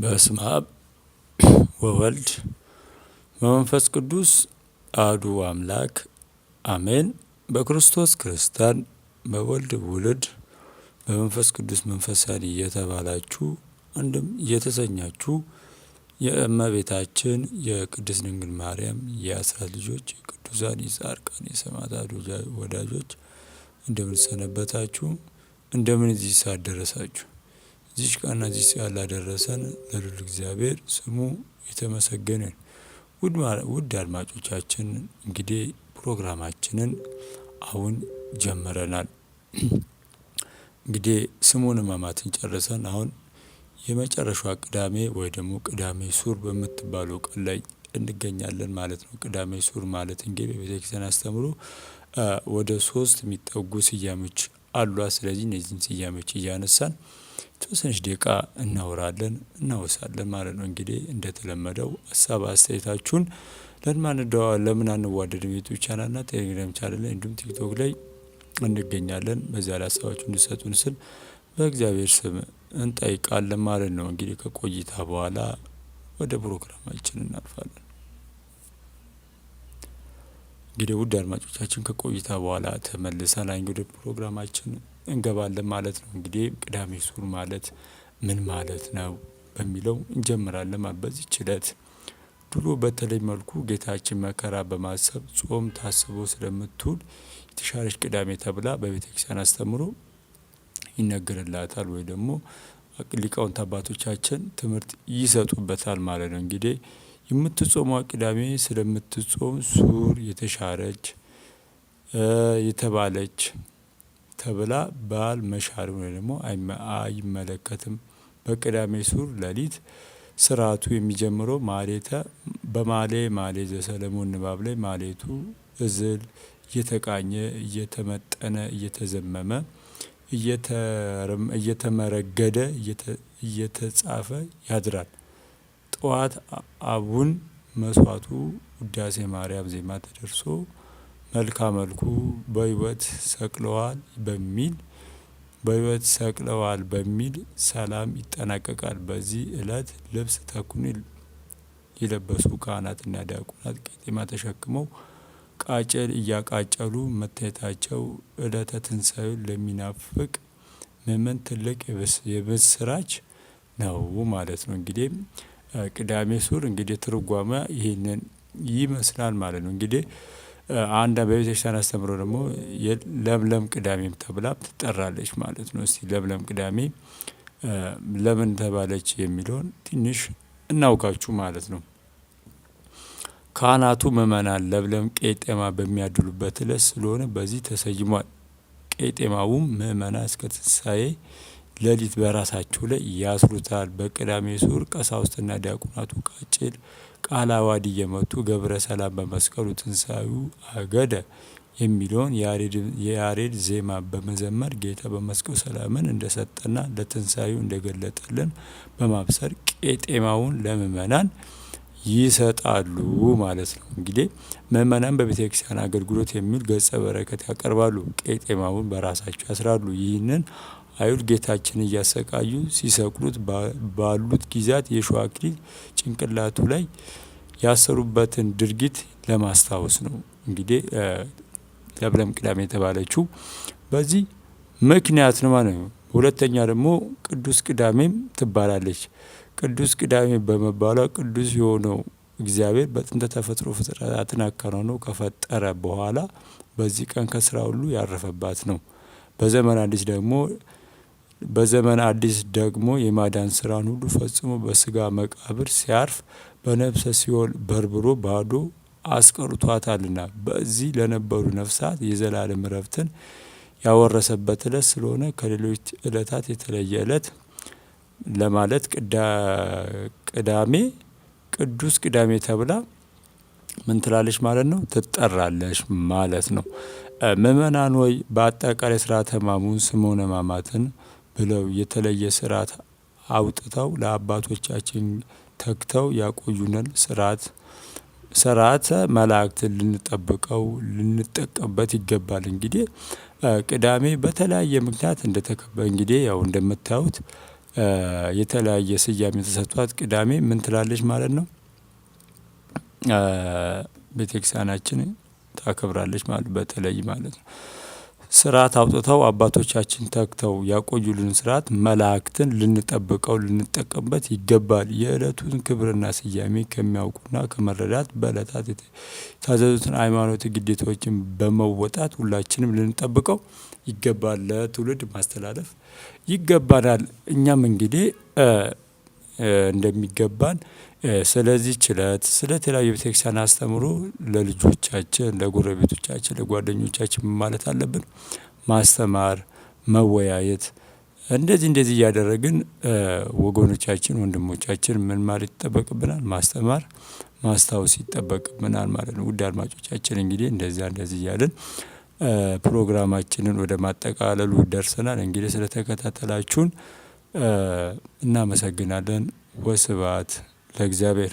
በስመ አብ ወወልድ በመንፈስ ቅዱስ አሐዱ አምላክ አሜን። በክርስቶስ ክርስቲያን በወልድ ውልድ በመንፈስ ቅዱስ መንፈሳን እየተባላችሁ አንድም እየተሰኛችሁ የእመቤታችን የቅድስት ድንግል ማርያም የአስራት ልጆች የቅዱሳን የጻድቃን የሰማዕታት ወዳጆች እንደምን ሰነበታችሁ? እንደምን እዚህ ሳደረሳችሁ እዚች ቃና እዚህ ሰዓት ላደረሰን ለልዑል እግዚአብሔር ስሙ የተመሰገነ። ውድ አድማጮቻችን እንግዲህ ፕሮግራማችንን አሁን ጀምረናል። እንግዲህ ስሙን ሕማማትን ጨርሰን አሁን የመጨረሻ ቅዳሜ ወይ ደግሞ ቅዳሜ ሱር በምትባለው ቀን ላይ እንገኛለን ማለት ነው። ቅዳሜ ሱር ማለት እንግዲህ በቤተክርስቲያን አስተምሮ ወደ ሶስት የሚጠጉ ስያሜዎች አሏ። ስለዚህ እነዚህን ስያሜዎች እያነሳን ተወሰነች ደቂቃ እናወራለን እናወሳለን ማለት ነው። እንግዲህ እንደተለመደው ሀሳብ አስተያየታችሁን ለምን አንዋደድም ዩቱብ ቻናልና ቴሌግራም ቻናል ላይ እንዲሁም ቲክቶክ ላይ እንገኛለን። በዚያ ላይ ሀሳባችሁ እንዲሰጡን ስል በእግዚአብሔር ስም እንጠይቃለን ማለት ነው። እንግዲህ ከቆይታ በኋላ ወደ ፕሮግራማችን እናልፋለን። እንግዲህ ውድ አድማጮቻችን ከቆይታ በኋላ ተመልሰን አንድ ፕሮግራማችን እንገባለን ማለት ነው። እንግዲህ ቅዳሜ ሱር ማለት ምን ማለት ነው በሚለው እንጀምራለን። በዚህች ዕለት ድሮ በተለይ መልኩ ጌታችን መከራ በማሰብ ጾም ታስቦ ስለምትውል የተሻረች ቅዳሜ ተብላ በቤተ ክርስቲያን አስተምሮ ይነገርላታል ወይ ደግሞ ሊቃውንት አባቶቻችን ትምህርት ይሰጡበታል ማለት ነው እንግዲህ የምትጾሟ ቅዳሜ ስለምትጾም ሱር የተሻረች የተባለች ተብላ ባል መሻር ወይ ደግሞ አይመለከትም። በቅዳሜ ሱር ሌሊት ስርዓቱ የሚጀምረው ማሌተ በማሌ ማሌ ዘሰለሞን ንባብ ላይ ማሌቱ እዝል እየተቃኘ እየተመጠነ እየተዘመመ እየተመረገደ እየተጻፈ ያድራል። ጠዋት አቡን መስዋዕቱ ውዳሴ ማርያም ዜማ ተደርሶ መልካ መልኩ በሕይወት ሰቅለዋል በሚል በህይወት ሰቅለዋል በሚል ሰላም ይጠናቀቃል። በዚህ ዕለት ልብስ ተኩኖ የለበሱ ካህናትና ዲያቆናት ቄጤማ ተሸክመው ቃጭል እያቃጨሉ መታየታቸው ዕለተ ትንሣኤውን ለሚናፍቅ ምእመን ትልቅ የምስራች ነው ማለት ነው እንግዲህ ቅዳሜ ሱር እንግዲህ ትርጓመ ይህንን ይመስላል ማለት ነው። እንግዲህ አንድ በቤተክርስቲያን አስተምሮ ደግሞ ለምለም ቅዳሜም ተብላ ትጠራለች ማለት ነው። እስቲ ለምለም ቅዳሜ ለምን ተባለች የሚለውን ትንሽ እናውቃችሁ ማለት ነው። ካህናቱ ምእመናን ለምለም ቄጤማ በሚያድሉበት ዕለት ስለሆነ በዚህ ተሰይሟል። ቄጤማውም ምእመናን እስከ ትንሳኤ ሌሊት በራሳቸው ላይ ያስሩታል። በቅዳሜ ስዑር ቀሳውስትና ዲያቆናቱ ቃጭል ቃለ ዓዋዲ እየመቱ ገብረ ሰላም በመስቀሉ ትንሣኤሁ አገደ የሚለውን የያሬድ ዜማ በመዘመር ጌታ በመስቀሉ ሰላምን እንደሰጠና ለትንሣኤው እንደገለጠልን በማብሰር ቄጤማውን ለምእመናን ይሰጣሉ ማለት ነው። እንግዲህ ምእመናን በቤተ ክርስቲያን አገልግሎት የሚል ገጸ በረከት ያቀርባሉ። ቄጤማውን በራሳቸው ያስራሉ። ይህንን አይሁድ ጌታችን እያሰቃዩ ሲሰቅሉት ባሉት ጊዜያት የሸዋ አክሊል ጭንቅላቱ ላይ ያሰሩበትን ድርጊት ለማስታወስ ነው። እንግዲህ ለብለም ቅዳሜ የተባለችው በዚህ ምክንያት ነው ማለት ነው። ሁለተኛ ደግሞ ቅዱስ ቅዳሜም ትባላለች። ቅዱስ ቅዳሜ በመባሏ ቅዱስ የሆነው እግዚአብሔር በጥንተ ተፈጥሮ ፍጥረታትን አከናውኖ ከፈጠረ በኋላ በዚህ ቀን ከስራ ሁሉ ያረፈባት ነው። በዘመን አዲስ ደግሞ በዘመን አዲስ ደግሞ የማዳን ስራን ሁሉ ፈጽሞ በስጋ መቃብር ሲያርፍ በነፍሰ ሲኦል በርብሮ ባዶ አስቀርቷታልና በዚህ ለነበሩ ነፍሳት የዘላለም እረፍትን ያወረሰበት እለት ስለሆነ ከሌሎች እለታት የተለየ እለት ለማለት ቅዳሜ ቅዱስ ቅዳሜ ተብላ ምን ትላለች ማለት ነው ትጠራለች ማለት ነው። ምእመናን ወይ በአጠቃላይ ስርዓተ ሕማሙን ስምዖነ ሕማማትን ብለው የተለየ ስርዓት አውጥተው ለአባቶቻችን ተክተው ያቆዩናል። ስርዓት ስርዓተ መላእክትን ልንጠብቀው ልንጠቀምበት ይገባል። እንግዲህ ቅዳሜ በተለያየ ምክንያት እንደተከበ እንግዲህ ያው እንደምታዩት የተለያየ ስያሜ ተሰጥቷት ቅዳሜ ምን ትላለች ማለት ነው። ቤተክርስቲያናችን ታከብራለች ማለት በተለይ ማለት ነው ስርዓት አውጥተው አባቶቻችን ተግተው ያቆዩልን ስርዓት መላእክትን ልንጠብቀው ልንጠቀምበት ይገባል። የዕለቱን ክብርና ስያሜ ከሚያውቁና ከመረዳት በዕለታት የታዘዙትን ሃይማኖት ግዴታዎችን በመወጣት ሁላችንም ልንጠብቀው ይገባል። ለትውልድ ማስተላለፍ ይገባናል። እኛም እንግዲህ እንደሚገባን ስለዚህ ችለት ስለተለያዩ ቤተክርስቲያን አስተምሮ ለልጆቻችን ለጎረቤቶቻችን ለጓደኞቻችን ማለት አለብን ማስተማር መወያየት እንደዚህ እንደዚህ እያደረግን ወገኖቻችን ወንድሞቻችን ምን ማለት ይጠበቅብናል ማስተማር ማስታወስ ይጠበቅብናል ማለት ነው። ውድ አድማጮቻችን እንግዲህ እንደዛ እንደዚህ እያልን ፕሮግራማችንን ወደ ማጠቃለሉ ደርሰናል። እንግዲህ ስለተከታተላችሁን እናመሰግናለን። ወስብሐት ለእግዚአብሔር።